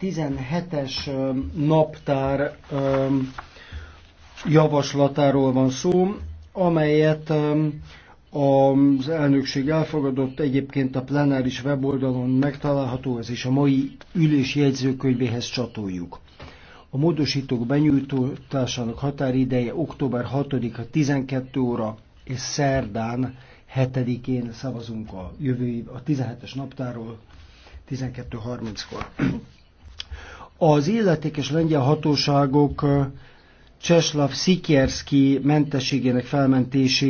17-es naptár javaslatáról van szó, amelyet az elnökség elfogadott, egyébként a plenáris weboldalon megtalálható, ez is a mai ülés jegyzőkönyvéhez csatoljuk. A módosítók benyújtásának határideje október 6-a 12 óra és szerdán 7-én szavazunk a jövő a 17-es naptáról 12.30-kor. Az illetékes lengyel hatóságok eh, Cseslav Szikierszki mentességének felmentésé